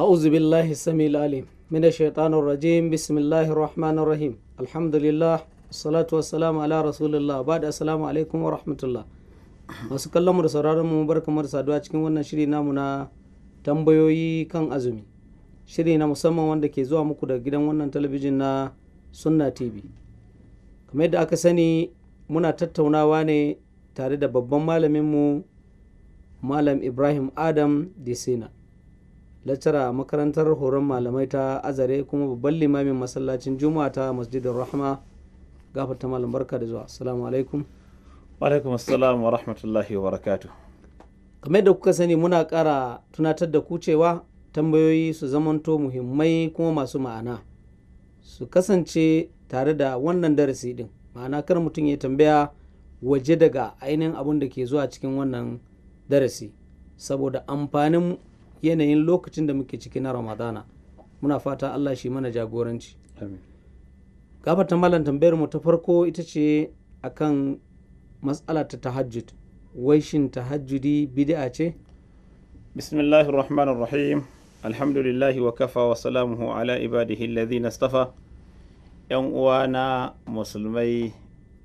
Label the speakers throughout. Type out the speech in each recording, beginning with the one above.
Speaker 1: أعوذ بالله السميع العليم من الشيطان الرجيم بسم الله الرحمن الرحيم الحمد لله والصلاة والسلام على رسول الله بعد السلام عليكم ورحمة الله masu kallon mu da sauraron mu bar kamar saduwa cikin wannan shiri namu na tambayoyi kan azumi shiri na musamman wanda ke zuwa muku da gidan wannan talabijin na sunna tv kamar yadda aka sani muna tattaunawa ne tare da babban malamin mu malam ibrahim adam disina laccara a makarantar horon malamai ta azare kuma babban limamin masallacin juma'a ta masjidin rahama gafata malam barka da zuwa assalamu alaikum
Speaker 2: alaikum assalam wa rahmatullahi wa barakatu
Speaker 1: kamar da kuka sani muna kara tunatar da kucewa tambayoyi su zamanto muhimmai kuma masu ma'ana su kasance tare da wannan darasi din ma'ana kar mutum ya tambaya waje daga ainihin abin da ke zuwa cikin wannan darasi saboda amfanin yanayin lokacin da muke ciki na ramadana muna fata allah shi mana jagoranci gafar ta malam tambayar mu ta farko ita ce akan matsala ta tahajjud
Speaker 2: wai shin tahajjudi bid'a ce bismillahir rahmanir rahim alhamdulillah wa kafa wa salamuhu ala ibadihi alladhina istafa yan uwa na musulmai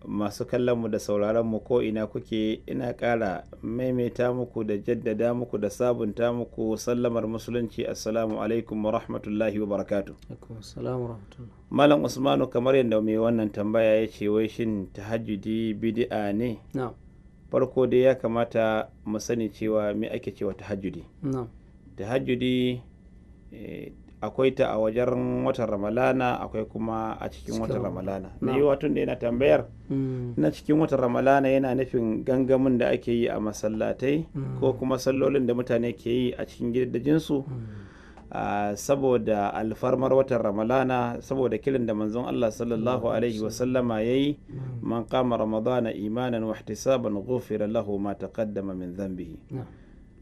Speaker 2: masu kallonmu da sauraronmu ko ina kuke ina ƙara maimaita muku da jaddada muku da sabunta muku sallamar musulunci assalamu alaikum wa rahmatullahi wa barakatu malam usmanu kamar yadda mai wannan tambaya ya ce wai shin tahajjudi bidi'a ne farko dai ya kamata mu sani cewa me ake cewa tahajjudi tahajjudi eh, akwai ta a wajen watan ramalana akwai kuma a cikin watan ramalana na yi watun da yana tambayar mm. na cikin watan ramalana yana nufin gangamin da ake yi a masallatai mm. ko kuma sallolin da mutane ke yi a cikin gidajensu mm. ah, saboda alfarmar watan ramalana saboda kilin da manzon Allah sallallahu alaihi wasallama ya yi man kama ramadana imanan wahtisaban ghufira lahu ma taqaddama min dhanbihi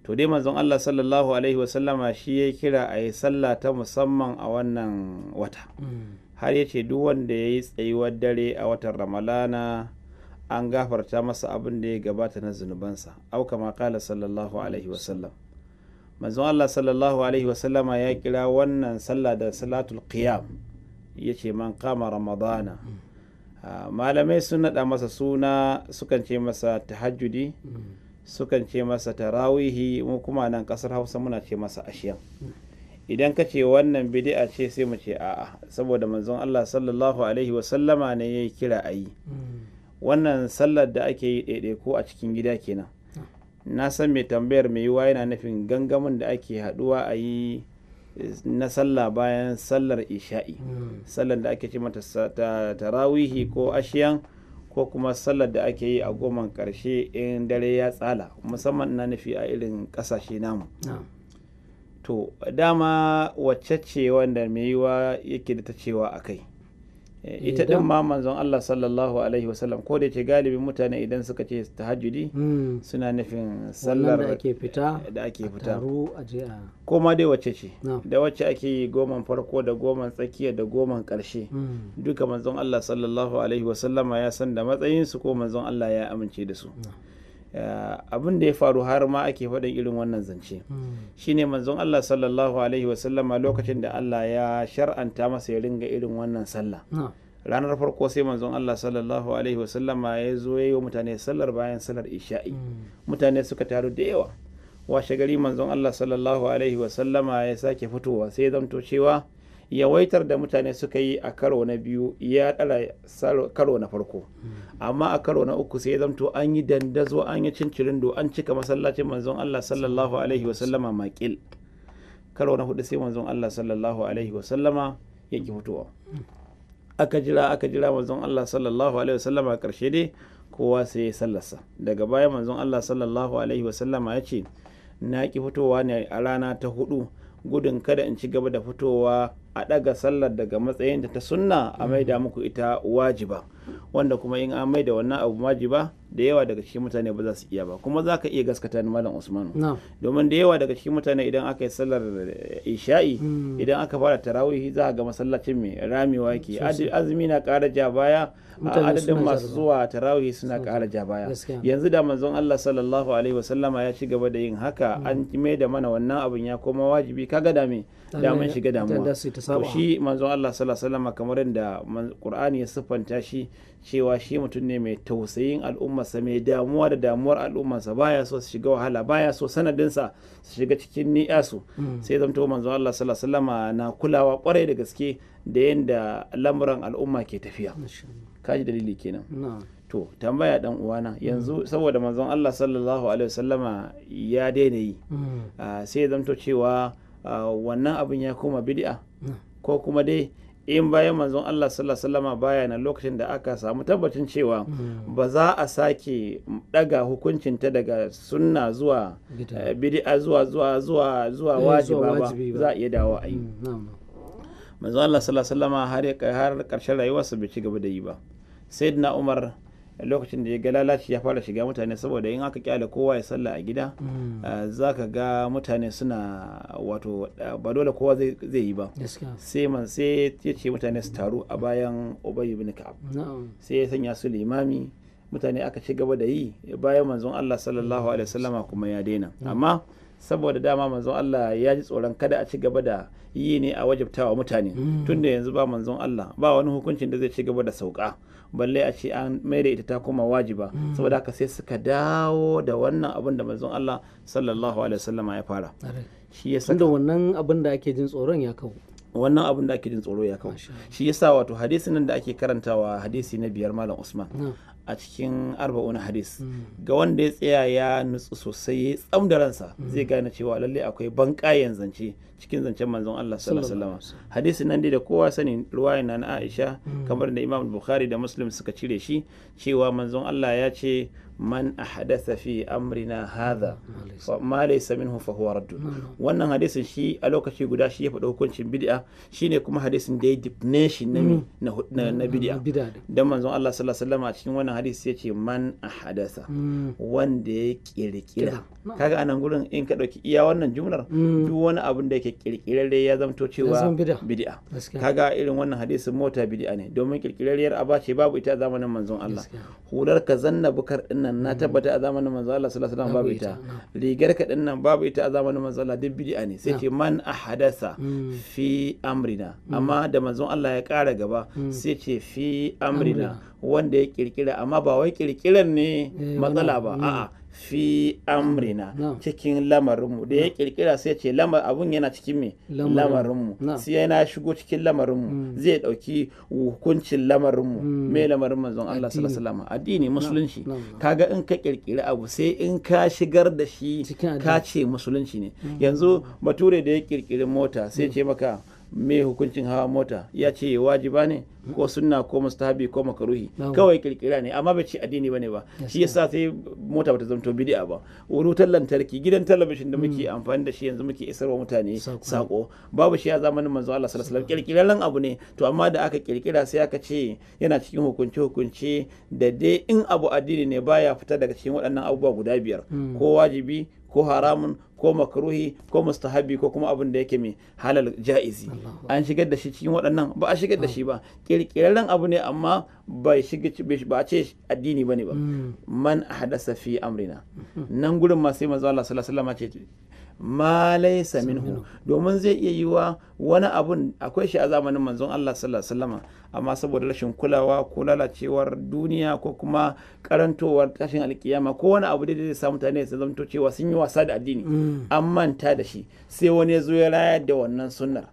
Speaker 2: to dai manzon Allah sallallahu alaihi wasallama shi ya kira a yi sallah ta musamman a wannan wata har yace ce duk wanda ya yi tsayuwar dare a watan ramalana an gafarta masa abin da ya gabata na zunubansa au kama kala sallallahu alaihi wasallam manzon Allah sallallahu alaihi wasallama ya kira wannan sallah da salatul qiyam yace man kama ramadana mm. ah, malamai sun naɗa masa suna sukan ce masa tahajjudi mm. sukan ce masa tarawihi mu kuma nan kasar hausa muna ce masa ashiyan idan ka ce wannan bidi'a ce sai mu ce a'a saboda manzon Allah sallallahu alaihi wasallama ne yayi kira yi wannan sallar da ake yi ko a cikin gida kenan na san mai tambayar mai yiwa yana nufin gangamin da ake haɗuwa a yi eh, na sallah bayan sallar isha'i hmm. sallar da ake ce mata tarawihi ko ashiyan ko kuma sallar da ake yi a goman ƙarshe in dare ya tsala musamman na nufi a irin ƙasashe namu to dama wacce ce wanda mai yiwa yake da ta cewa a kai Eh, ita din ma manzon Allah sallallahu alaihi wasallam ko da yake galibin mutane idan suka ce tahajjudi hmm. suna nufin sallar eh, da ake fita da ake fita ko ma dai wacce ce da wacce ake yi goman farko da goman tsakiya da goman karshe hmm. duka manzon Allah sallallahu alaihi wasallama ya san da matsayin su ko manzon Allah ya amince da su Eh, abin da ya faru har ma ake faɗin irin wannan zance hmm. shine manzon Allah sallallahu alaihi a lokacin da Allah ya shar'anta masa ya ringa irin wannan sallah ranar farko sai manzon Allah sallallahu alaihi wasallama ya zo ya yi wa mutane sallar bayan sallar isha'i hmm. mutane suka taru da yawa washe gari manzon Allah sallallahu alaihi wasallama ya sake fitowa sai zamto cewa yawaitar da mutane suka yi a karo na biyu ya ɗala karo na farko hmm. amma a karo na uku sai zamto an yi dandazo an yi do an cika masallacin manzon Allah sallallahu alaihi wa sallama makil karo na hudu sai manzon Allah sallallahu alaihi wa sallama ya ki fitowa hmm. aka jira aka jira manzon Allah sallallahu alaihi wa sallama karshe dai kowa sai ya sallarsa daga baya manzon Allah sallallahu alaihi wa sallama ya ce na ki fitowa ne a rana ta hudu gudun kada in ci gaba da fitowa a ɗaga sallar daga matsayinta ta sunna a maida muku ita wajiba wanda kuma in an maida wannan abu wajiba da yawa daga cikin mutane ba za su iya ba kuma za ka iya gaskata ni malam usman domin da yawa daga cikin mutane idan aka yi sallar eh, isha'i hmm. idan aka fara tarawih za ga masallacin mai ramewa ke azumi na ƙara ja baya adadin masu zuwa tarawih suna ƙara ja baya yanzu da manzon Allah sallallahu alaihi wasallama ya ci gaba da yin haka hmm. an mai da mana wannan abin ya koma wajibi kaga da me damar shiga damuwa shi manzon Allah sallallahu alaihi wasallama kamar da Qur'ani ya siffanta shi cewa shi mutum ne mai tausayin al'umma al'ummarsa mai damuwa da damuwar al'ummarsa baya so su shiga wahala baya so sanadinsa su shiga cikin ni'asu mm. sai zamto manzo Allah sallallahu alaihi wasallam na kulawa kwarai da gaske da yanda lamuran al'umma ke tafiya kaji dalili kenan to tambaya dan uwana yanzu mm. saboda manzon Allah sallallahu alaihi wasallama ya daina yi mm. ah, sai zamto cewa ah, wannan abin ya koma bid'a ko kuma dai in bayan manzon Allah sallallahu alaihi baya na lokacin da aka samu tabbacin cewa hmm. ba za a sake daga hukuncin ta daga sunna zuwa bid'a eh, zuwa zuwa zuwa zuwa eh, wajiba ba za a iya dawo a yi hmm, manzon Allah sallallahu alaihi wasallama har karshen rayuwarsa bai ci gaba da yi ba sayyidina Umar lokacin da ya ga lalaci ya fara shiga mutane saboda in aka kyale kowa ya salla a gida mm. ah, za ka ga mutane suna wato ah, ba dole kowa zai yi ba sai man sai ya ce mutane su taru a bayan ubay ibn ka'ab sai ya sanya su limami mutane aka ci gaba da yi bayan manzon Allah sallallahu alaihi wasallama kuma ya daina amma saboda dama manzon Allah ya ji tsoron kada a ci gaba da yi ne a wajabtawa mutane mm. tunda yanzu ba manzon Allah ba wani hukuncin da zai ci gaba da sauka balle a ce an maida ita ta koma wajiba mm. saboda haka sai suka dawo da wannan abin da manzon Allah sallallahu alaihi wasallama ya fara shi yasa da wannan abin da ake jin tsoron ya kawo wannan abin da ake jin tsoro ya kawo shi yasa wato hadisin nan da ake karantawa hadisi na biyar malam usman a cikin arba'una hadis mm. ga wanda ya tsaya ya nutsu sosai ya tsam ransa mm. zai gane cewa lalle akwai banƙayen zance cikin zancen manzon Allah sallallahu alaihi wasallam hadisin nan dai da kowa sani ruwayan na Aisha mm. kamar da Imam Bukhari da Muslim suka cire shi cewa manzon Allah ya ce man hadasa fi amrina hadha ma laysa minhu fa huwa wannan hadisin shi a lokaci guda shi ya faɗa hukuncin bid'a shine kuma hadisin da ya dipne shi mm. na na bid'a dan manzon Allah sallallahu alaihi wasallam a cikin wannan hadisi yace man hadasa. Mm. wanda ya kirkira kaga anan gurin in ka dauki iya wannan jumlar mm. duk wani abin da yake kirkirare ya zamto cewa bid'a kaga irin wannan hadisin mota bid'a ne domin kirkirariyar aba ce babu ita a zamanin manzon Allah hular ka zanna bukar din nan na mm. tabbata a zamanin manzo Allah sallallahu alaihi wasallam babu ita rigar ka nan babu ita a zamanin manzo Allah duk bid'a ne sai ce man ahadasa mm. fi amrina mm. amma da manzon Allah ya kara gaba sai ce fi amrina wanda ya kirkira amma ba wai kirkiran ne eh, matsala ba a'a fi amrina cikin lamarinmu da ya kirkira sai ce abun yana cikin me lamarinmu sai yana shigo cikin lamarinmu hmm. zai dauki hukuncin lamarinmu hmm. me lamarin manzon Allah sallallahu alaihi wasallam addini musulunci kaga in ka kirkiri abu sai in ka shigar da shi ka ce musulunci ne hmm. yanzu bature da ya kirkiri mota sai ce maka me hukuncin hawa mota ya ce wajiba ne ko sunna ko mustahabi ko makaruhi kawai kirkira ne amma bai ce addini bane ba shi yasa sai mota bata zanto bid'a ba wutar lantarki gidan talabijin da muke hmm. amfani da shi yanzu muke isarwa mutane sako babu shi a zamanin manzo Allah sallallahu alaihi wasallam kirkiran abu ne to amma da aka kirkira sai aka ce yana cikin hukunce hukunce da dai in abu addini ne baya fita daga cikin waɗannan abubuwa guda biyar hmm. ko wajibi ko haramun ko makruhi ko mustahabi ko kuma abin da yake mai halal ja'izi an shigar da shi cikin waɗannan ba a shigar da shi ba kirkirarren abu ne amma ba a ce addini ba ne ba hmm. man hadasa fi amrina hmm. nan gudun ma sai manzo Allah sallallahu alaihi wasallam ce ma saminu domin zai iya yiwa wani abun akwai shi a zamanin manzon Allah sallallahu alaihi wasallam amma saboda rashin kulawa ko lalacewar duniya ko kuma karantowar tashin alkiyama ko wani abu da zai sa mutane su zamto cewa sun yi wasa da addini mm. an manta da shi sai wani ya zo ya raya da wannan sunnar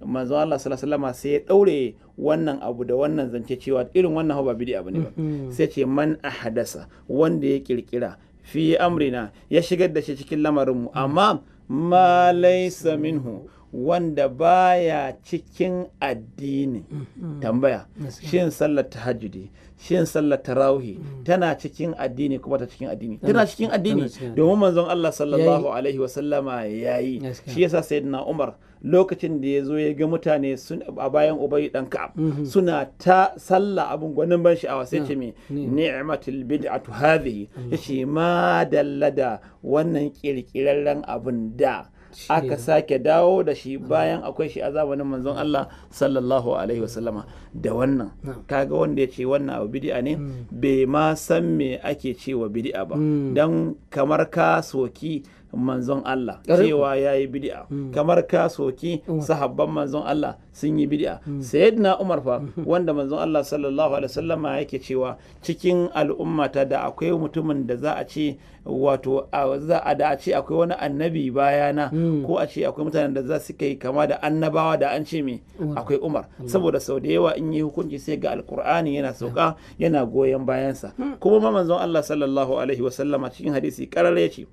Speaker 2: manzon Allah sallallahu alaihi wasallam sai ya daure wannan abu da wannan zance cewa irin wannan ba abu ne ba mm-hmm. sai ce man ahadasa wanda ya kirkira fi amrina ya shigar da shi cikin lamarinmu amma ma laysa minhu wanda baya cikin addini mm-hmm. tambaya shin sallar tahajjudi shin sallar tarawih mm-hmm. tana cikin addini kuma ta cikin addini tana cikin addini domin manzon Allah sallallahu alaihi wa sallama yayi shi yasa sayyidina Umar lokacin da ya zo ya ga mutane a bayan Ubay dan Ka'ab mm-hmm. suna ta sallah abun gwanin ban sha'awa sai ce me ni'matul bid'atu hadhihi shi ma dallada wannan kirkirarren abun da aka sake dawo da shi mm. bayan akwai shi a zamanin manzon Allah sallallahu alaihi wasallama da wannan kaga wanda ya ce wannan abu bid'a ne mm. bai ma san me ake cewa bid'a ba mm. dan kamar ka soki manzon Allah cewa ya yi bid'a mm. kamar ka soki mm. sahabban manzon Allah sun yi bid'a mm. sayyidina Umar fa wanda manzon Allah sallallahu alaihi wasallam yake cewa cikin al'ummata da akwai mutumin da za a ce wato za a da a ce akwai wani annabi bayana ko a ce akwai mutanen da za su kai kama da annabawa da an ce me akwai Umar saboda sau da yawa in yi hukunci sai ga alkur'ani yana sauka yana goyon bayansa kuma manzon Allah sallallahu alaihi wasallam cikin hadisi karar ya ce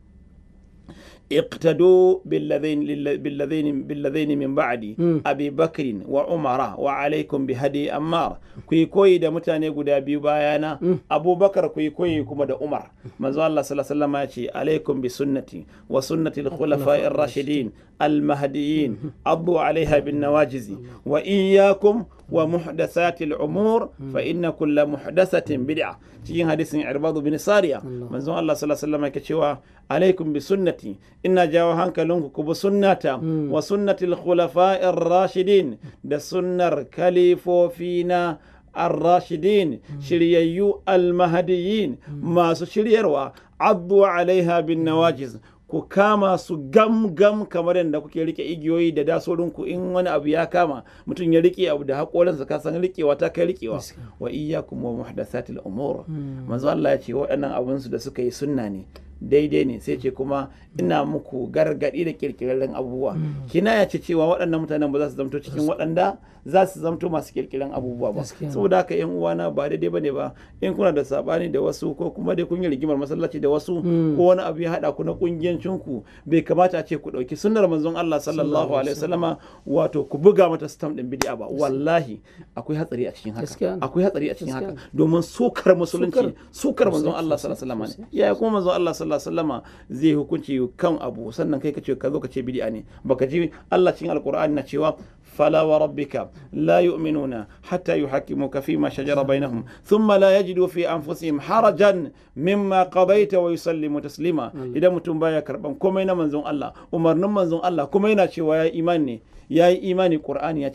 Speaker 2: اقتدوا بالذين بالذين بالذين من بعدي ابي بكر وعمر وعليكم بهدي امار كوي كوي دا متاني غدا بيبايانا ابو بكر كوي كوي كما دا عمر ما الله صلى الله عليه وسلم يجي عليكم بسنتي وسنه الخلفاء الراشدين المهديين ابو عليها بالنواجذ واياكم ومحدثات الأمور فإن كل محدثة بدعة cikin hadisin irbadu bin sariya manzon Allah sallallahu alaihi wasallam yake cewa alaikum bi sunnati ina jawo hankalinku ku bi sunnata hmm. wa sunnatil khulafa'ir rashidin da sunnar kalifofina الراشدين شرييو المهديين ما سشريروا عضوا عليها بالنواجز ku kama su gam gam kamar yadda kuke rike igiyoyi da dasorin ku in wani abu ya kama mutum ya rike abu da hakoransa ka san rikewa ta kai rikewa wa iyyakum wa muhdathatil umur hmm. manzo Allah ya ce waɗannan abun su da suka yi sunna ne daidai ne sai ce kuma ina muku gargaɗi da kirkirarren abubuwa hmm. kina ya ce cewa waɗannan mutanen ba za su zamto cikin waɗanda za su zamto masu kirkiran abubuwa ba saboda haka yan uwana ba daidai bane ba in kuna da sabani da wasu ko kuma dai kun yi rigimar masallaci da wasu hmm. ko wani abu ya hada ku na kungiyancin ku bai kamata a ce ku dauki sunnar manzon Allah sallallahu alaihi wasallama wato ku buga mata stamp din bid'a ba wallahi akwai hatsari a cikin haka akwai hatsari a cikin haka domin sukar musulunci sukar manzon Allah sallallahu alaihi wasallama ne yaya kuma manzon Allah sallallahu alaihi wasallama zai hukunci kan abu sannan kai ka ce ka zo ka ce bid'a ne baka ji Allah cikin alqur'ani na cewa فلا وربك لا يؤمنون حتى يحكموك فيما شجر بينهم ثم لا يجدوا في أنفسهم حرجا مما قضيت ويسلموا تسليما إذا متم بايا كربان كمين منزون الله أمرنا منزون الله كمين يا إيماني يا إيماني قرآن يا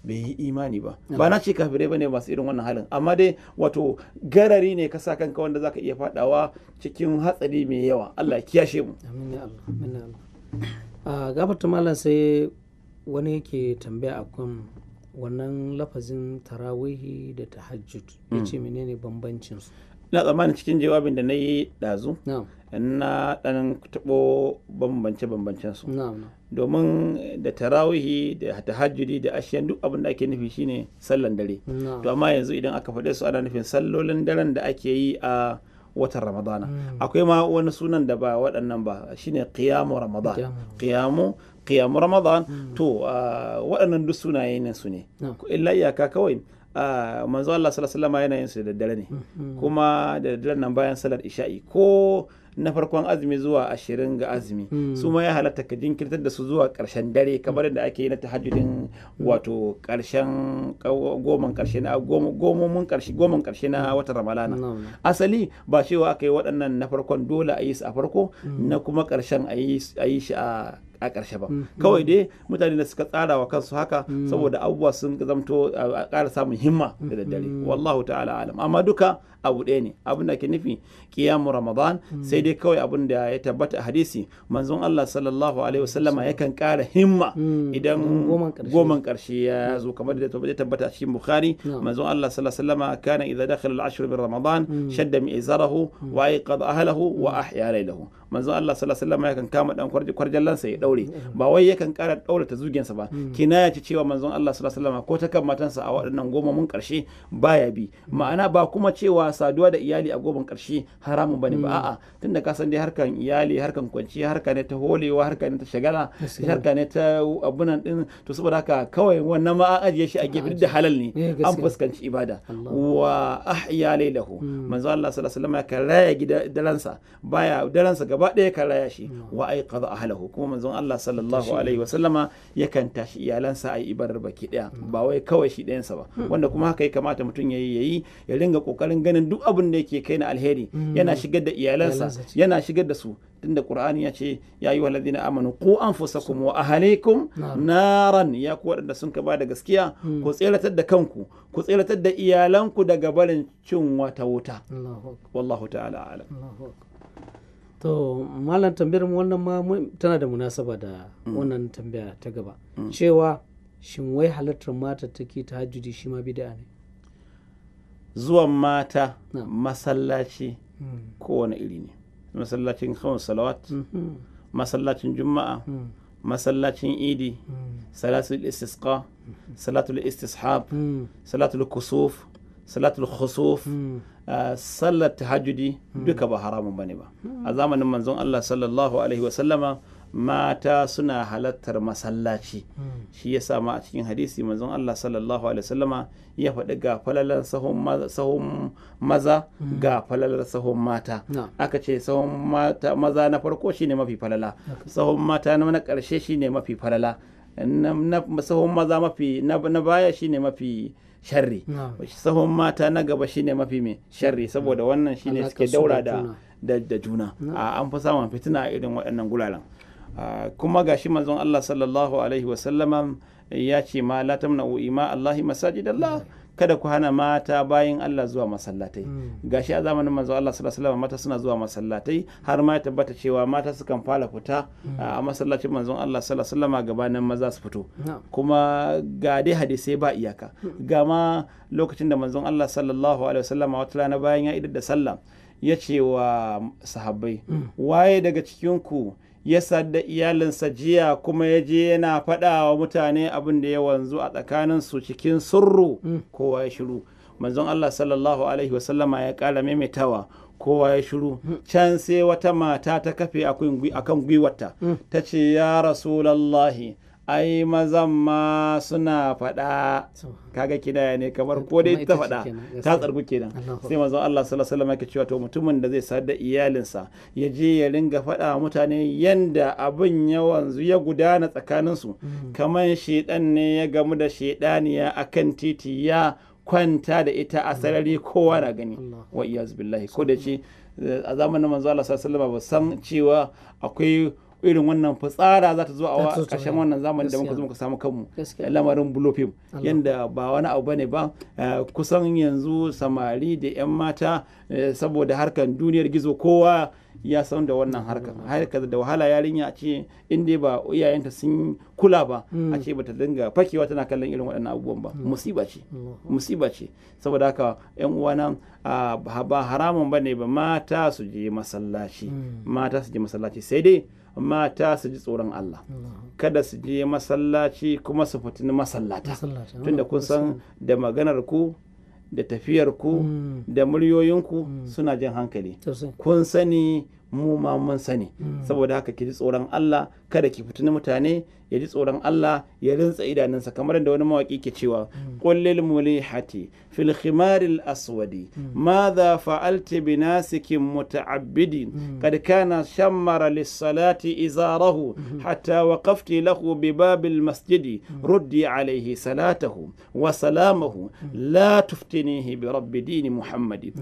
Speaker 2: bai yi imani ba ba na ce kafirai ne masu irin wannan halin amma dai wato garari ne ka sa kanka wanda zaka iya fadawa cikin hatsari mai yawa Allah ya kiyashe mu
Speaker 1: amin ya amin ya Allah a wani yake tambaya akan wannan lafazin tarawihi da tahajjud ya ce hmm. menene bambancin su
Speaker 2: na tsammanin cikin jawabin da na yi dazu na ɗan taɓo bambance-bambancen su domin da tarawihi da tahajjudi da ashiyan duk abin da ake nufi shine sallan dare to amma yanzu idan aka faɗe su ana nufin sallolin daren da ake yi a watan ramadana hmm. akwai ma wani sunan da ba waɗannan ba shine qiyamu ramadan qiyamu qiyam ramadan hmm. to ah, waɗannan duk sunayen su ne illa iyaka kawai ah, manzo Allah sallallahu alaihi wasallam yana yin su da daddare ne mm-hmm. kuma da daddare nan bayan salar isha'i ko na farkon azumi zuwa ashirin ga azumi mm. su ma ya halatta ka jinkirtar da su zuwa karshen dare kamar yadda ake yi na tahajjudin mm. wato karshen goman karshe na gomomin karshe goman karshe na watan ramalana asali ba cewa aka yi waɗannan na farkon dole a yi su a farko mm. na kuma karshen a yi shi a a ƙarshe ba mm. kawai dai mutane da suka tsara wa kansu haka mm. saboda abubuwa sun zamto a ƙara samun himma da mm. daddare wallahu ta'ala alam amma duka abu ɗaya ne abin da ke nufi kiyamu ramadan sai dai kawai abin da ya tabbata a hadisi manzon Allah sallallahu alaihi wasallama yakan ƙara himma idan goman ƙarshe ya zo kamar da ya tabbata a cikin bukhari manzon Allah sallallahu alaihi wasallama kana idza dakhala al-ashr min ramadan shadda mi'zarahu wa ayqadha ahlahu wa ahya lahu. manzon Allah sallallahu alaihi wasallam yakan kama dan kwarjallansa ya daure ba wai yakan kara daure ta zugensa ba mm. kinaya ce cewa manzon Allah sallallahu alaihi wasallam ko ta kan matansa a waɗannan goma mun karshe baya bi mm. ma'ana ba kuma cewa saduwa da iyali a goban karshe haramun bane ba mm. a'a tunda ka san dai harkan iyali harkan kwanci harka ne ta holewa harka ne ta shagala harka ne ta abunan din to saboda haka kawai wannan ma an ajiye shi a gefe da halal ne eh, an fuskanci ibada wa ahya lailahu manzon Allah sallallahu alaihi wasallam ya karaya gidansa baya daransa gaba gaba ɗaya ka raya shi wa a ahlahu kuma manzon Allah sallallahu alaihi wa sallama yakan tashi iyalansa yi ibarar baki ɗaya mm. ba wai kawai shi ɗayansa ba mm. wanda kuma haka ya kamata mutum yayi yayi ya ringa kokarin ganin duk abin da yake kai na alheri mm. yana shigar da iyalansa yana shigar da su tunda Qur'ani ya ce ya yi waladina amanu ku anfusakum wa ahalikum naran ya ku waɗanda sun ka ba da gaskiya ku tseratar da kanku ku tseratar da iyalanku daga barin cin wata wuta wallahu ta'ala
Speaker 1: to malam tambayar mu wannan ma tana da munasaba da mm. wannan tambaya ta gaba mm. cewa shin wai halartar mata take ta hajjudi shi ma bid'a ne
Speaker 2: zuwan mata masallaci mm. kowane iri ne masallacin kawon salawat mm-hmm. masallacin juma'a masallacin idi salatul istisqa mm-hmm. salatul istishab salatul kusuf salatul khusuf Ah, sallar tahajjudi hmm. duka ba haramun ba ne hmm. ba a zamanin manzon Allah sallallahu alaihi wa sallama mata suna halattar masallaci hmm. shi ya sama a cikin hadisi manzon Allah sallallahu alaihi wasallama ya faɗi ga falalar sahun maza ga falalar sahun mata aka ce sahun mata maza na farko shine mafi falala sahun mata na ƙarshe shine mafi falala na sahun maza mafi na baya shine mafi sharri sahun mata na gaba shine mafi mai sharri saboda wannan shine suke daura da juna an fi samun fitina a irin waɗannan gulalan kuma gashi manzon Allah sallallahu alaihi wasallama ya ce ma la tamna'u ima Allahi masajidallah kada ku hana mata bayan Allah zuwa masallatai hmm. gashi a zamanin manzo Allah sallallahu alaihi mata suna zuwa masallatai har ma ya tabbata cewa mata sukan fara fita hmm. a masallacin manzon Allah sallallahu alaihi wasallam gabanin maza su fito kuma ga dai hadisi ba iyaka hmm. ga ma lokacin da manzon Allah sallallahu alaihi wasallam wata rana bayan ya idar da sallah ya ce wa sahabbai waye daga cikin ku ya sadda iyalinsa jiya kuma ya je yana faɗa wa mutane abin da ya wanzu a tsakanin su cikin surru mm. kowa ya shiru manzon Allah sallallahu alaihi wasallama ya ƙara maimaitawa kowa ya shiru mm. can sai wata mata ta kafe akan gwiwarta mm. ta ce ya rasulallahi ai mazan ma suna faɗa kaga kidaya ne kamar ko dai ta faɗa ta tsargu kenan sai manzo Allah sallallahu alaihi wasallam cewa to mutumin da zai sadda iyalinsa ya je ya ringa faɗa mutane yanda abin ya wanzu ya gudana tsakanin su mm. kamar shedan ne ya gamu da shedaniya akan titi ya kwanta da ita a mm. sarari kowa na gani wa iyaz billahi ko da ce eh, a zamanin manzo Allah sallallahu alaihi wasallam ba san cewa akwai irin wannan fitsara za ta zo a ƙarshen wannan zamani da muka zo muka samu kanmu lamarin bulofim yanda ba wani abu bane ba eh, kusan yanzu samari da 'yan mata eh, saboda harkar duniyar gizo kowa ya san da wannan harkar mm. harkar da wahala yarinya a ce inda ba iyayenta sun kula ba mm. a ce bata dinga fakewa tana kallon irin waɗannan abubuwan ba mm. musiba ce musiba ce saboda haka yan uwana ba haramun ba ne ba mata su je masallaci mata su je masallaci sai dai mata su ji tsoron Allah kada su je masallaci kuma su fitini masallata tunda kun san da maganar ku da tafiyar ku mm. da muryoyinku mm. suna jin hankali kun sani mu ma mun sani hmm. saboda haka ki ji tsoron Allah kada ki fitini mutane ya ji tsoron Allah ya rintsa idanunsa kamar da wani mawaki ke cewa kullil hmm. mulihati fil khimaril aswadi hmm. madha fa'alti bi nasikin muta'abbidin kad kana shammara lis salati izarahu hatta waqafti lahu bi babil masjidi ruddi alayhi salatahu wa salamahu la tuftinihi bi rabbi dini muhammadin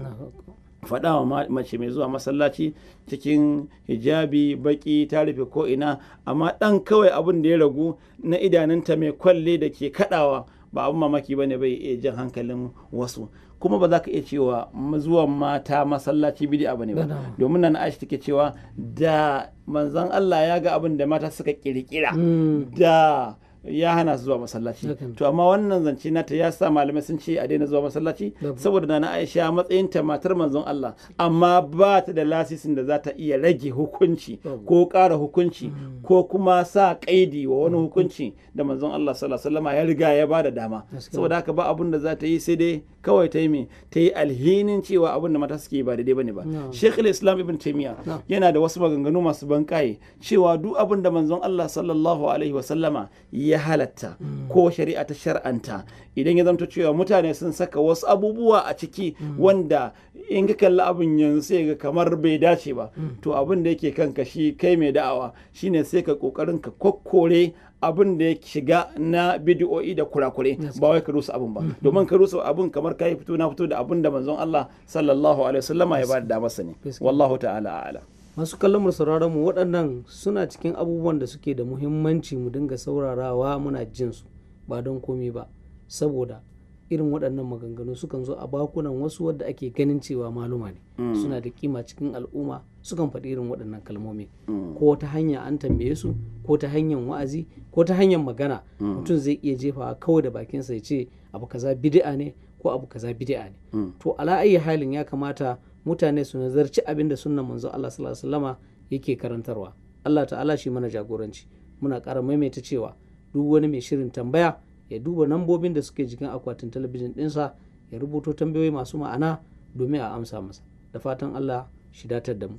Speaker 2: faɗa wa mace mai zuwa masallaci cikin hijabi baki ta rufe ina amma ɗan kawai abin da ya ragu na idanunta mai kwalle da ke kaɗawa ba abin mamaki ba ne bai iya jan hankalin wasu kuma ba za ka iya cewa zuwa mata masallaci bidi abu ne ba domin nan aisha take cewa da manzan Allah ya ga abin da mata suka kirkira mm. da ya hana zuwa masallaci to amma wannan zance nata ya sa malamai sun ce a daina zuwa masallaci saboda nana Aisha matsayin ta matar manzon Allah amma ba ta da lasisin da za ta iya rage hukunci ko ƙara hukunci mm. ko kuma sa kaidi wa wani mm. hukunci da manzon Allah sallallahu alaihi wasallam ya riga ya bada dama saboda haka ba abun da za ta yi sai dai kawai ta yi ta yi alhinin cewa abin da mata suke ba daidai bane ba shekul islam ibn taimiya yana da wasu maganganu masu bankaye cewa duk abin da manzon allah sallallahu alaihi wasallama ya halatta mm. ko shari'a ta shar'anta idan ya zamto cewa mutane sun saka wasu abubuwa a ciki mm. wanda in ka kalli abin yanzu sai ga kamar bai dace ba mm. to abin da yake kanka shi kai mai da'awa shine sai ka kokarin ka kokkore abin da ya shiga na bidiyo'i da kurakure ba wai ka rusa abin ba mm-hmm. domin ka rusa abin kamar ka yi fito na fito da abin da manzon Allah sallallahu alaihi wasallama ya bada da masa ne wallahu ta'ala a'ala masu kallon mu
Speaker 1: sauraron mu waɗannan suna cikin abubuwan da suke da muhimmanci mu dinga saurarawa muna jin su ba don komai ba saboda irin waɗannan maganganu sukan zo a bakunan wasu wadda ake ganin cewa maluma ne mm. suna da kima cikin al'umma sukan faɗi irin waɗannan kalmomi mm. ko ta hanya an tambaye su ko ta hanyar wa'azi ko ta hanyar magana mm. mutum zai iya jefawa kawai da bakin sa ya ce abu kaza bid'a ne ko abu kaza bid'a ne to ala ayi halin ya kamata mutane su nazarci abin da sunnan manzo Allah sallallahu alaihi wasallam yake karantarwa Allah ta'ala shi mana jagoranci muna ƙara maimaita cewa duk wani mai shirin tambaya ya duba nambobin da suke jikin akwatin talabijin ɗinsa ya rubuto tambayoyi masu
Speaker 2: ma'ana domin a amsa
Speaker 1: masa da fatan Allah shi datar da mu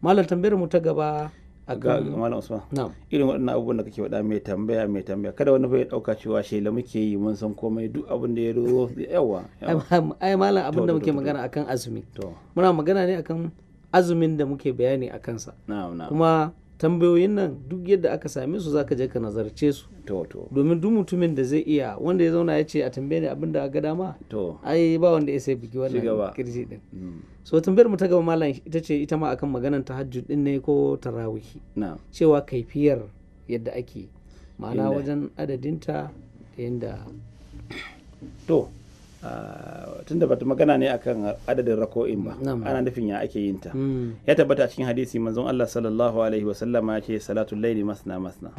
Speaker 1: malam tambayar mu ta gaba
Speaker 2: a ga malam usman irin waɗannan abubuwan da kake faɗa mai tambaya mai tambaya kada wani bai ɗauka cewa shela muke yi mun san komai duk abin da ya zo yawa ai malam abin da muke magana akan
Speaker 1: azumi muna magana ne akan azumin da muke bayani a kansa kuma tambayoyin nan duk yadda aka same su zaka je ka nazarce su domin duk mutumin da zai iya wanda ya zauna ya ce a tambaye ni abin da ga dama to ai ba wanda ya sai biki wannan kirji din mm. so tambayar mu ta gaba malam ita ce ita ma akan maganar tahajjud din ne ko na'am cewa kaifiyar yadda ake ma'ana wajen adadinta
Speaker 2: da yadda to Ah, tunda bata magana ne akan adadin rako'in ba ana nufin ya ake yin ta hmm. ya tabbata a cikin hadisi manzon Allah sallallahu alaihi wa sallama ya ce salatul laili masna masna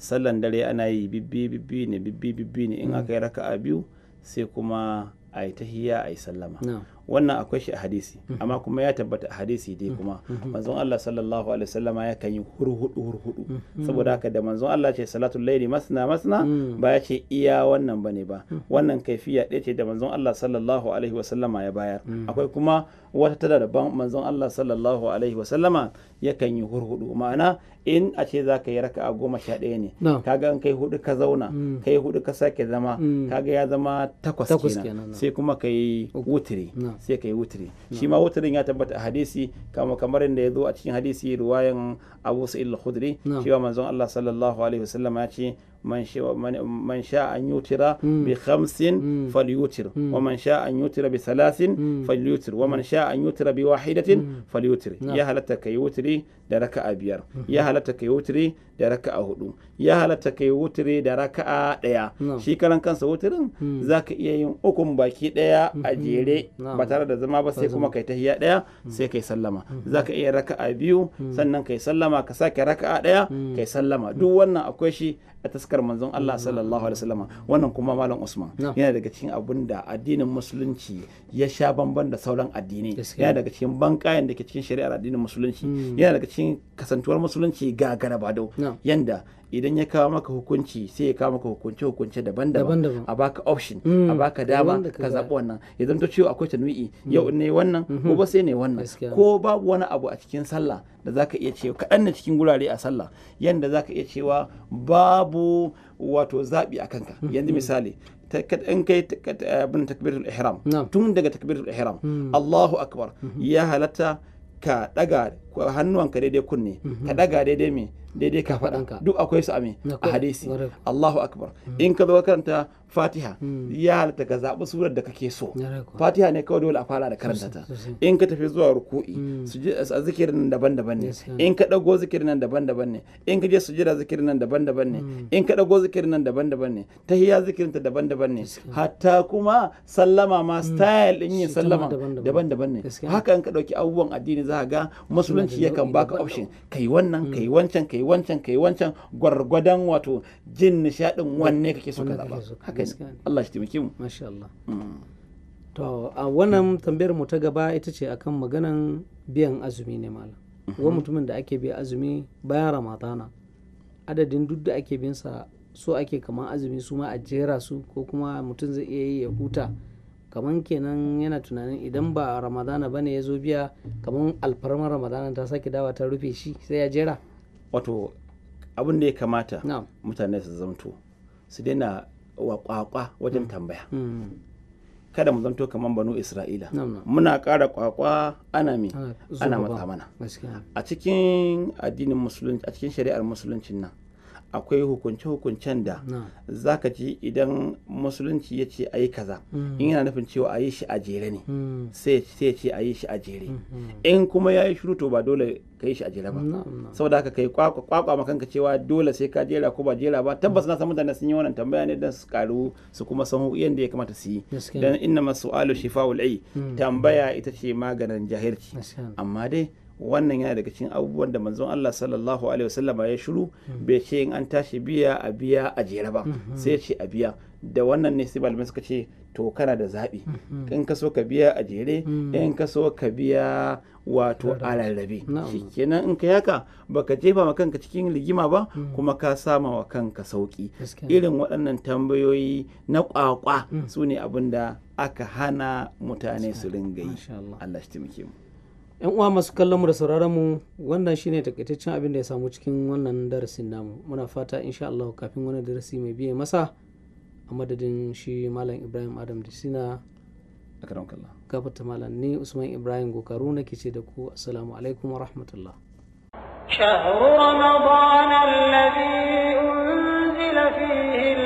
Speaker 2: sallan dare ana yi bibbi bibbi ne bibbi bibbi ne in hmm. aka yi raka'a biyu sai kuma a yi tahiyya a yi sallama wannan akwai shi a hadisi hmm. amma kuma ya tabbata a hadisi dai hmm. kuma hmm. manzon Allah sallallahu alaihi wasallama ya kan yi hurhudu hurhudu saboda haka da manzon Allah ce salatul laili masna masna ba ya ce iya wannan bane ba wannan kaifiya ɗaya ce da manzon Allah sallallahu alaihi wasallama ya bayar akwai kuma wata tada daban manzon Allah sallallahu alaihi wasallama ya kan yi hurhudu ma'ana in a ce za ka yi a goma sha ɗaya ne kaga in kai hudu ka zauna kai hudu ka sake zama kaga ya zama takwas kenan sai kuma ka yi wutiri sai yi wutiri shi ma wuturin ya tabbata a hadisi kama kamar inda ya zo a cikin hadisi ruwayan Abu sa'il khudri cewa manzon Allah sallallahu alaihi wasallam ya ce man sha an yutira hmm. bi khamsin hmm. falyutir hmm. wa man sha an yutira bi salasin falyutir wa man sha an yutira bi wahidatin falyutir ya halatta kai wutiri da raka'a biyar ya halatta kai wutiri da raka'a hudu ya halatta kai wutiri da raka'a daya shi karan kansa wutirin zaka iya yin ukun baki daya a jere ba tare da zama ba sai kuma kai tahiya daya sai kai sallama zaka iya raka'a biyu sannan kai sallama ka sake raka'a daya kai sallama duk wannan akwai shi a fuskar manzon Allah mm-hmm. sallallahu alaihi wasallama wannan kuma malam Usman yana daga cikin abun da addinin musulunci ya sha bamban da sauran addinai yana daga cikin bankayen da ke cikin shari'ar addinin musulunci mm. yana daga cikin kasantuwar musulunci ga garabado yanda idan ya kawo maka hukunci sai ya kawo maka hukunci hukunci daban-daban a baka option a mm. baka dama ka zaɓi wannan ya zanto cewa akwai tanwi'i mm. yau ne wannan Ko mm-hmm. ba sai ne wannan ko babu wani abu a cikin sallah da zaka iya cewa kaɗan na cikin gurare a sallah yanda zaka iya cewa babu wato zaɓi a kanka mm-hmm. yanzu misali in kai abin takbiratul ihram tun daga takbiratul ihram mm. Allahu akbar mm-hmm. ya halatta ka daga hannuwanka daidai kunne ka daga daidai me daidai ka faɗanka duk akwai su a a hadisi Allahu akbar in ka zo karanta fatiha hmm. ya halatta ka zaɓi surar da kake so fatiha ne kawai dole a fara da karanta ta in ka tafi zuwa ruku'i hmm. a zikirin nan daban-daban ne in ka ɗago zikirin nan daban-daban ne in ka je jira zikirin nan daban-daban ne hmm. in ka ɗago zikirin nan daban-daban ne Ta hiya zikirin ta daban-daban ne hatta kuma sallama ma style din yin sallama daban-daban ne haka in ka ɗauki abubuwan addini za ga musulunci yakan baka option kai wannan kai wancan kai wancan kai wancan gwargwadon wato jin nishaɗin wanne kake so ka zaɓa haka ne Allah shi taimake mu masha Allah mm. to a wannan
Speaker 1: tambayar mu ta gaba ita ce akan maganan biyan azumi ne malam mhm. wa mutumin da ake biya azumi bayan ramadana adadin duk da ake bin sa so ake kamar azumi su ma a jera su ko kuma mutum zai iya yi ya huta kaman kenan yana tunanin idan ba ramadana bane ya zo biya kaman alfarmar ramadana ta sake dawa ta rufe shi sai ya jera
Speaker 2: wato abin da ya kamata mutane su zamto su daina wa kwakwa wajen mm. tambaya mm. kada mu zanto kamar banu isra'ila muna kara kwakwa ana mi ana mata mana a cikin addinin musulunci a cikin shari'ar musuluncin nan akwai hukunce-hukuncen da zaka ka ji idan musulunci ya ce a yi kaza hmm. in yana nufin cewa a yi shi a jere ne hmm. sai ya ce a yi shi a jere hmm, in kuma ya yi shuru to ba dole ka yi shi a jere ba saboda haka kai kwakwa makanka cewa dole sai ka jera ko ba jera ba tabbas na san da sun yi wannan tambaya ne don su karu su kuma san yadda ya kamata su yi dan inna masu shifa'ul wulai tambaya ita ce maganin jahilci amma dai wannan yana daga cikin abubuwan da manzon Allah sallallahu alaihi wasallama ya shiru bai ce in an tashi biya a biya a jera ba sai ce a biya da wannan ne sai malamai suka ce to kana da zaɓi in ka so ka biya a jere in ka so ka biya wato a rarrabe kenan in ka yaka baka jefa ma kanka cikin rigima ba hmm. kuma ka sama wa kanka sauki irin waɗannan tambayoyi na kwakwa hmm. su ne abin da aka hana mutane su ringa yi Allah shi taimake mu yan uwa masu kallon mu da sauraron mu wannan shine takaitaccen
Speaker 1: abin da ya samu cikin wannan darasin namu muna fata insha Allah kafin wani darasi mai biye masa a madadin shi malam Ibrahim Adam Disina akramkallah gafarta malam ni Usman Ibrahim Gokaru nake ce da ku assalamu alaikum wa rahmatullah شهر رمضان الذي أنزل فيه